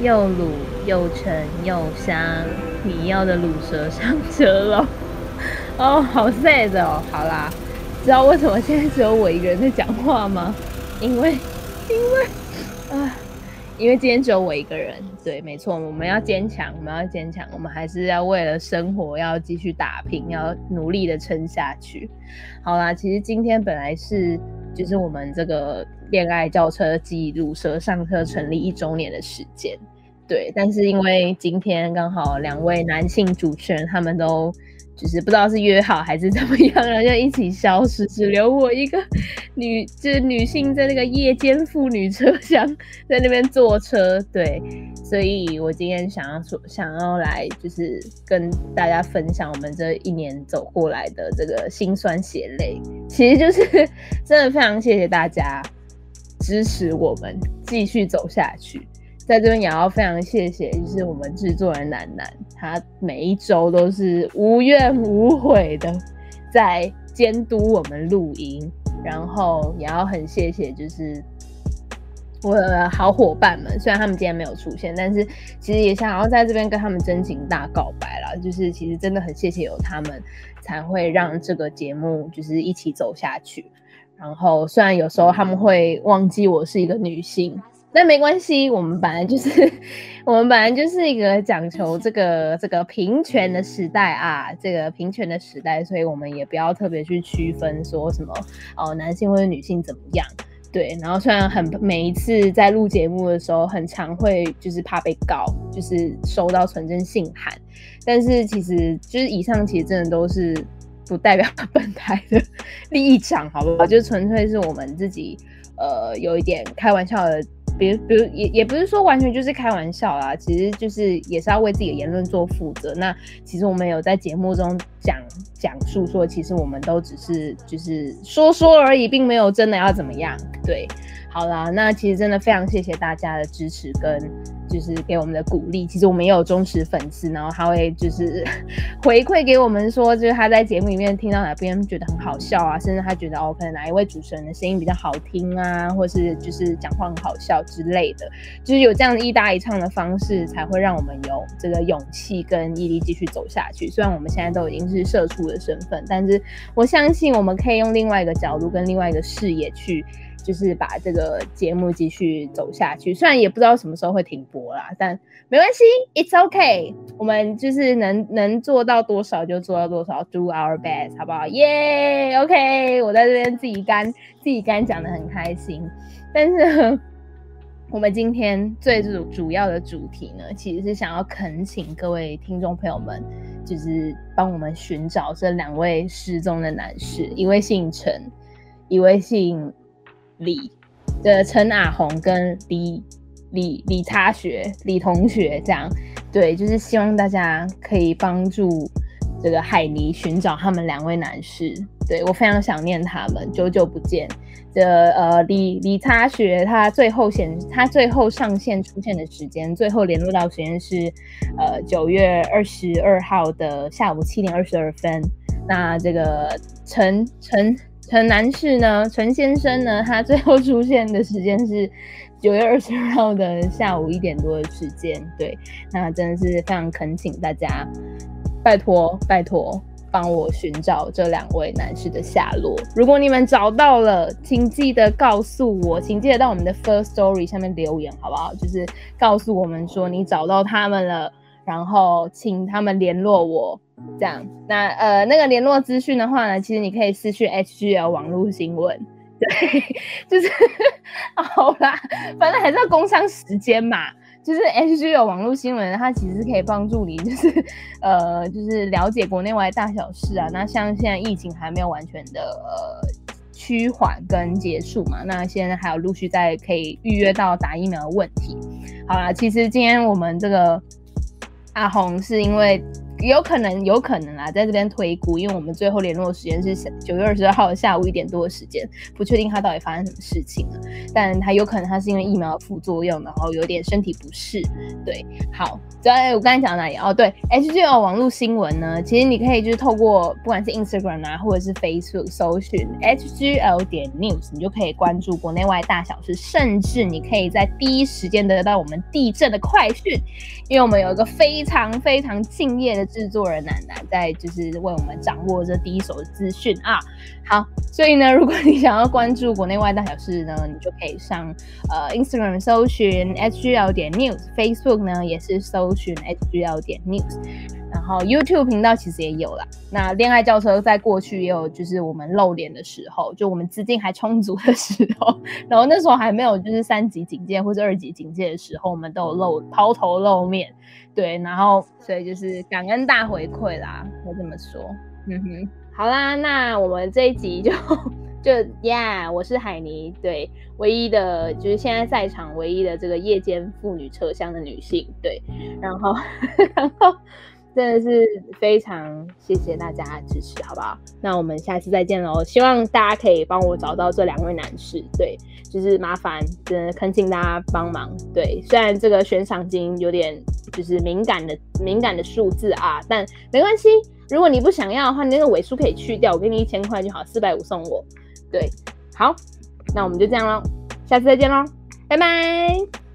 又滷又沉又香，你要的魯蛇上車了哦，oh, 好 sad 哦。好啦，知道為什麼現在只有我一個人在講話嗎？因為，因為，啊，因為今天只有我一個人。對，沒錯，我們要堅強，我們要堅強，我們還是要為了生活要繼續打拼，要努力的撐下去。好啦，其實今天本來是就是我們這個戀愛叫車記魯蛇上車成立一周年的時間。對，但是因為今天剛好兩位男性主持人，他們都就是不知道是約好還是怎麼樣了，就一起消失，只留我一個女，就是女性在那個夜間婦女車廂在那邊坐車。對，所以我今天想要說，想要來就是跟大家分享我們這一年走過來的這個辛酸血淚，其實就是真的非常謝謝大家支持我們繼續走下去。在這邊也要非常謝謝，就是我們製作人楠楠，他每一周都是無怨無悔的在監督我們錄音，然後也要很謝謝，就是我的好夥伴們，雖然他們今天沒有出現，但是其實也想要在這邊跟他們真情大告白了，就是其實真的很謝謝有他們，才會讓這個節目就是一起走下去，然後雖然有時候他們會忘記我是一個女性。那沒關係，我們本來就是，我們本來就是一個講求這個這個平權的時代啊，這個平權的時代，所以我們也不要特別去區分說什麼哦、呃，男性或者女性怎麼樣，對。然後雖然很每一次在錄節目的時候，很常會就是怕被告，就是收到存證信函，但是其實就是以上其實真的都是不代表本台的立場，好不好？就是純粹是我們自己呃有一點開玩笑的。比如，比如也也不是說完全就是開玩笑啦，其實就是也是要為自己的言論做負責。那其實我們有在節目中講講述說，其實我們都只是就是說說而已，並沒有真的要怎麼樣。對，好啦，那其實真的非常謝謝大家的支持跟。就是給我們的鼓勵。其實我們也有忠實粉絲，然後他會就是回饋給我們說，就是他在節目裡面聽到哪邊覺得很好笑啊，甚至他覺得哦，可能哪一位主持人的聲音比較好聽啊，或是就是講話很好笑之類的。就是有這樣的一搭一唱的方式，才會讓我們有這個勇氣跟毅力繼續走下去。雖然我們現在都已經是社畜的身份，但是我相信我們可以用另外一個角度跟另外一個視野去。就是把這個節目繼續走下去，雖然也不知道什麼時候會停播啦，但沒關係，It's OK。我們就是能能做到多少就做到多少，Do our best，好不好？耶，yeah，OK。我在這邊自己乾，自己乾，講得很開心。但是我們今天最主主要的主題呢，其實是想要懇請各位聽眾朋友們，就是幫我們尋找這兩位失蹤的男士，一位姓陳，一位姓。李的陳阿紅跟李李李差學李同學這樣，對，就是希望大家可以幫助這個海霓尋找他們兩位男士。對我非常想念他們，久久不見的呃李李差學，他最後顯他最後上線出現的時間，最後聯絡到時間是呃九月二十二號的下午七點二十二分。那這個陳陳。陳男士呢？陳先生呢？他最後出現的時間是九月二十二號的下午一點多的時間。對，那真的是非常懇請大家，拜託拜託，幫我尋找這兩位男士的下落。如果你們找到了，請記得告訴我，請記得到我們的 Firstory 下面留言，好不好？就是告訴我們說你找到他們了。然後請他們聯絡我，這樣，那呃那個聯絡資訊的話呢，其實你可以私訊 HGL 網絡新聞，對，就是呵呵好啦，反正還是要工商時間嘛，就是 HGL 網絡新聞它其實可以幫助你，就是呃就是了解國內外大小事啊。那像現在疫情還沒有完全的、呃、趨緩跟結束嘛，那現在還有陸續在可以預約到打疫苗的問題。對好啦，其實今天我們這個。阿紅是因為。有可能，有可能啊，在這邊推估，因為我們最後聯絡的時間是九月二十二號下午一點多的時間，不確定他到底發生什麼事情了，但他有可能他是因為疫苗的副作用，然後有點身體不適。對，好，在我剛才講哪裡？哦，對，HGL 網路新聞呢，其實你可以就是透過不管是 Instagram 啊，或者是 Facebook 搜尋 HGL 點 news，你就可以關注國內外大小事，甚至你可以在第一時間得到我們地震的快訊，因為我們有一個非常非常敬業的。製作人奶奶在，就是為我們掌握這第一手資訊啊。好，所以呢，如果你想要關注國內外大小事呢，你就可以上呃 Instagram 搜尋 HGL 點 news，Facebook 呢也是搜尋 HGL 點 news。然後 YouTube 頻道其實也有啦。那戀愛轎車在過去也有，就是我們露臉的時候，就我們資金還充足的時候，然後那時候還沒有就是三級警戒或者二級警戒的時候，我們都有露拋頭露面。對，然後所以就是感恩大回饋啦，我這麼說。嗯哼，好啦，那我們這一集就就呀、yeah，我是海霓，對，唯一的就是現在在場唯一的這個夜間婦女車廂的女性，對，然後然後。真的是非常謝謝大家支持，好不好？那我們下次再見嘍！希望大家可以幫我找到這兩位男士，對，就是麻煩，真的懇請大家幫忙，對。雖然這個懸賞金有點就是敏感的敏感的數字啊，但沒關係。如果你不想要的話，你那個尾數可以去掉，我給你一千塊就好，四百五送我。對，好，那我們就這樣嘍，下次再見嘍，拜拜。